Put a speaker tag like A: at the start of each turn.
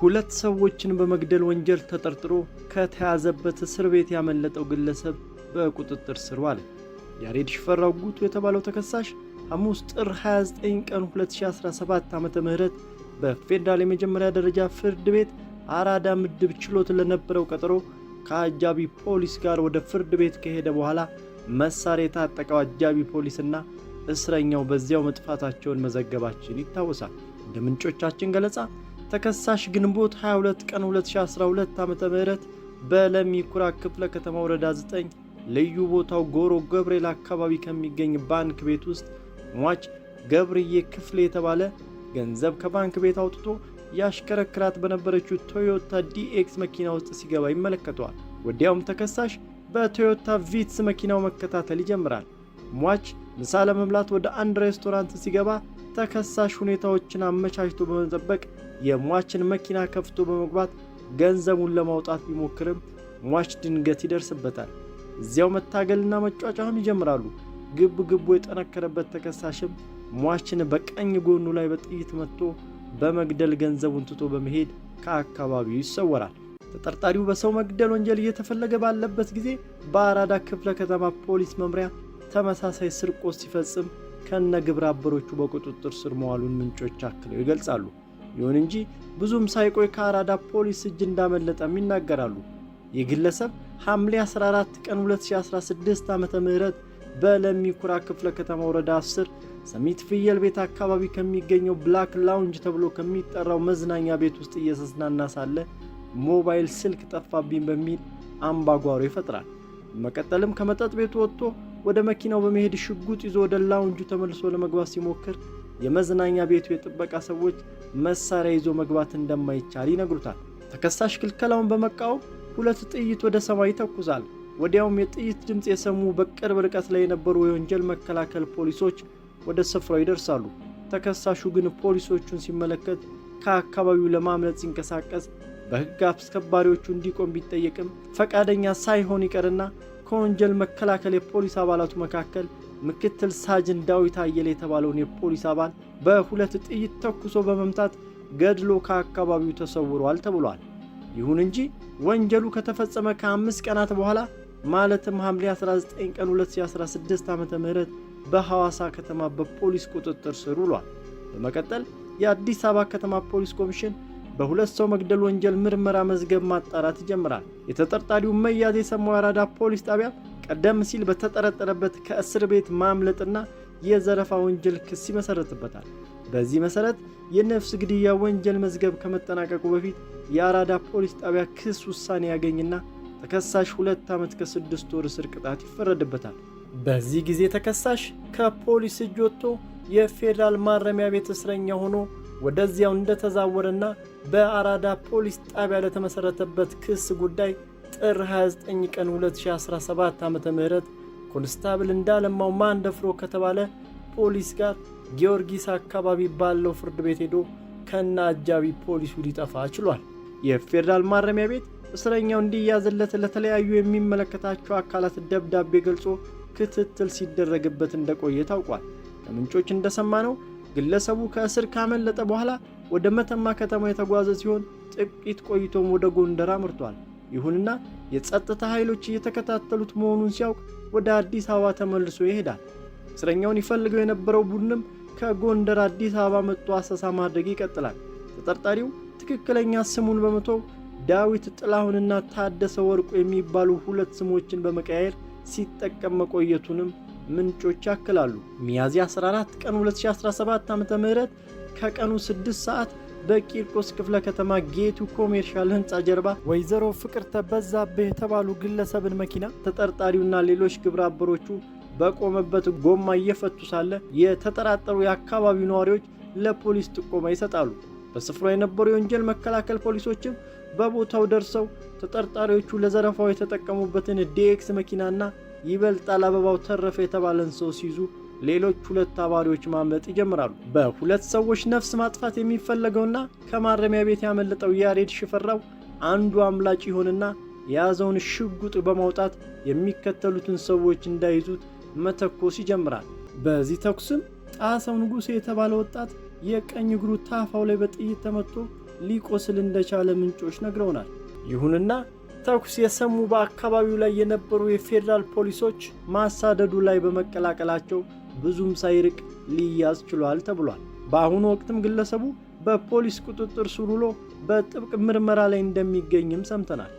A: ሁለት ሰዎችን በመግደል ወንጀል ተጠርጥሮ ከተያዘበት እስር ቤት ያመለጠው ግለሰብ በቁጥጥር ስር ዋለ። ያሬድ ሽፈራው ጉቱ የተባለው ተከሳሽ ሐሙስ ጥር 29 ቀን 2017 ዓ ም በፌዴራል የመጀመሪያ ደረጃ ፍርድ ቤት አራዳ ምድብ ችሎት ለነበረው ቀጠሮ ከአጃቢ ፖሊስ ጋር ወደ ፍርድ ቤት ከሄደ በኋላ መሳሪያ የታጠቀው አጃቢ ፖሊስና እስረኛው በዚያው መጥፋታቸውን መዘገባችን ይታወሳል። እንደ ምንጮቻችን ገለጻ ተከሳሽ ግንቦት 22 ቀን 2012 ዓ.ም በለሚ ኩራ ክፍለ ከተማ ወረዳ 9 ልዩ ቦታው ጎሮ ገብርኤል አካባቢ ከሚገኝ ባንክ ቤት ውስጥ ሟች ገብርዬ ክፍሌ የተባለ ገንዘብ ከባንክ ቤት አውጥቶ ያሽከረክራት በነበረችው ቶዮታ ዲኤክስ መኪና ውስጥ ሲገባ ይመለከተዋል። ወዲያውም ተከሳሽ በቶዮታ ቪትስ መኪናው መከታተል ይጀምራል። ሟች ምሳ ለመብላት ወደ አንድ ሬስቶራንት ሲገባ ተከሳሽ ሁኔታዎችን አመቻችቶ በመጠበቅ የሟችን መኪና ከፍቶ በመግባት ገንዘቡን ለማውጣት ቢሞክርም ሟች ድንገት ይደርስበታል። እዚያው መታገልና መጫጫም ይጀምራሉ። ግብ ግቡ የጠነከረበት ተከሳሽም ሟችን በቀኝ ጎኑ ላይ በጥይት መጥቶ በመግደል ገንዘቡን ትቶ በመሄድ ከአካባቢው ይሰወራል። ተጠርጣሪው በሰው መግደል ወንጀል እየተፈለገ ባለበት ጊዜ በአራዳ ክፍለ ከተማ ፖሊስ መምሪያ ተመሳሳይ ስርቆት ሲፈጽም ከነ ግብረ አበሮቹ በቁጥጥር ስር መዋሉን ምንጮች አክለው ይገልጻሉ። ይሁን እንጂ ብዙም ሳይቆይ ከአራዳ ፖሊስ እጅ እንዳመለጠም ይናገራሉ። ይህ ግለሰብ ሐምሌ 14 ቀን 2016 ዓ ም በለሚ ኩራ ክፍለ ከተማ ወረዳ 10 ሰሚት ፍየል ቤት አካባቢ ከሚገኘው ብላክ ላውንጅ ተብሎ ከሚጠራው መዝናኛ ቤት ውስጥ እየተዝናና ሳለ ሞባይል ስልክ ጠፋብኝ በሚል አምባጓሮ ይፈጥራል። በመቀጠልም ከመጠጥ ቤቱ ወጥቶ ወደ መኪናው በመሄድ ሽጉጥ ይዞ ወደ ላውንጁ ተመልሶ ለመግባት ሲሞክር የመዝናኛ ቤቱ የጥበቃ ሰዎች መሳሪያ ይዞ መግባት እንደማይቻል ይነግሩታል። ተከሳሽ ክልከላውን በመቃወም ሁለት ጥይት ወደ ሰማይ ይተኩሳል። ወዲያውም የጥይት ድምፅ የሰሙ በቅርብ ርቀት ላይ የነበሩ የወንጀል መከላከል ፖሊሶች ወደ ስፍራው ይደርሳሉ። ተከሳሹ ግን ፖሊሶቹን ሲመለከት ከአካባቢው ለማምለጥ ሲንቀሳቀስ በሕግ አስከባሪዎቹ እንዲቆም ቢጠየቅም ፈቃደኛ ሳይሆን ይቀርና ከወንጀል መከላከል የፖሊስ አባላቱ መካከል ምክትል ሳጅን ዳዊት አየለ የተባለውን የፖሊስ አባል በሁለት ጥይት ተኩሶ በመምታት ገድሎ ከአካባቢው ተሰውሯል ተብሏል። ይሁን እንጂ ወንጀሉ ከተፈጸመ ከአምስት ቀናት በኋላ ማለትም ሐምሌ 19 ቀን 2016 ዓ ም በሐዋሳ ከተማ በፖሊስ ቁጥጥር ስር ውሏል። በመቀጠል የአዲስ አበባ ከተማ ፖሊስ ኮሚሽን በሁለት ሰው መግደል ወንጀል ምርመራ መዝገብ ማጣራት ይጀምራል። የተጠርጣሪው መያዝ የሰማው የአራዳ ፖሊስ ጣቢያ ቀደም ሲል በተጠረጠረበት ከእስር ቤት ማምለጥና የዘረፋ ወንጀል ክስ ይመሰረትበታል። በዚህ መሰረት የነፍስ ግድያ ወንጀል መዝገብ ከመጠናቀቁ በፊት የአራዳ ፖሊስ ጣቢያ ክስ ውሳኔ ያገኝና ተከሳሽ ሁለት ዓመት ከስድስት ወር እስር ቅጣት ይፈረድበታል። በዚህ ጊዜ ተከሳሽ ከፖሊስ እጅ ወጥቶ የፌዴራል ማረሚያ ቤት እስረኛ ሆኖ ወደዚያው እንደተዛወረና በአራዳ ፖሊስ ጣቢያ ለተመሠረተበት ክስ ጉዳይ ጥር 29 ቀን 2017 ዓ ም ኮንስታብል እንዳለማው ማን ደፍሮ ከተባለ ፖሊስ ጋር ጊዮርጊስ አካባቢ ባለው ፍርድ ቤት ሄዶ ከነ አጃቢ ፖሊሱ ሊጠፋ ችሏል። የፌዴራል ማረሚያ ቤት እስረኛው እንዲያዝለት ለተለያዩ የሚመለከታቸው አካላት ደብዳቤ ገልጾ ክትትል ሲደረግበት እንደቆየ ታውቋል። ከምንጮች እንደሰማነው ግለሰቡ ከእስር ካመለጠ በኋላ ወደ መተማ ከተማ የተጓዘ ሲሆን ጥቂት ቆይቶም ወደ ጎንደር አምርቷል። ይሁንና የጸጥታ ኃይሎች እየተከታተሉት መሆኑን ሲያውቅ ወደ አዲስ አበባ ተመልሶ ይሄዳል። እስረኛውን ይፈልገው የነበረው ቡድንም ከጎንደር አዲስ አበባ መጥቶ አሰሳ ማድረግ ይቀጥላል። ተጠርጣሪው ትክክለኛ ስሙን በመቶ ዳዊት ጥላሁንና ታደሰ ወርቁ የሚባሉ ሁለት ስሞችን በመቀያየር ሲጠቀም መቆየቱንም ምንጮች ያክላሉ። ሚያዝያ 14 ቀን 2017 ም ከቀኑ 6 ሰዓት በቂርቆስ ክፍለ ከተማ ጌቱ ኮሜርሻል ህንፃ ጀርባ ወይዘሮ ፍቅርተ በዛብህ የተባሉ ግለሰብን መኪና ተጠርጣሪውና ሌሎች ግብረ አበሮቹ በቆመበት ጎማ እየፈቱ ሳለ የተጠራጠሩ የአካባቢው ነዋሪዎች ለፖሊስ ጥቆማ ይሰጣሉ። በስፍራው የነበሩ የወንጀል መከላከል ፖሊሶችም በቦታው ደርሰው ተጠርጣሪዎቹ ለዘረፋው የተጠቀሙበትን ዲኤክስ መኪናና ይበልጣል አበባው ተረፈ የተባለን ሰው ሲይዙ ሌሎች ሁለት አባሪዎች ማምለጥ ይጀምራሉ። በሁለት ሰዎች ነፍስ ማጥፋት የሚፈለገውና ከማረሚያ ቤት ያመለጠው ያሬድ ሽፈራው አንዱ አምላጭ ይሆንና የያዘውን ሽጉጥ በማውጣት የሚከተሉትን ሰዎች እንዳይዙት መተኮስ ይጀምራል። በዚህ ተኩስም ጣሰው ንጉሴ የተባለ ወጣት የቀኝ እግሩ ታፋው ላይ በጥይት ተመቶ ሊቆስል እንደቻለ ምንጮች ነግረውናል። ይሁንና ተኩስ የሰሙ በአካባቢው ላይ የነበሩ የፌዴራል ፖሊሶች ማሳደዱ ላይ በመቀላቀላቸው ብዙም ሳይርቅ ሊያዝ ችሏል ተብሏል። በአሁኑ ወቅትም ግለሰቡ በፖሊስ ቁጥጥር ስር ውሎ በጥብቅ ምርመራ ላይ እንደሚገኝም ሰምተናል።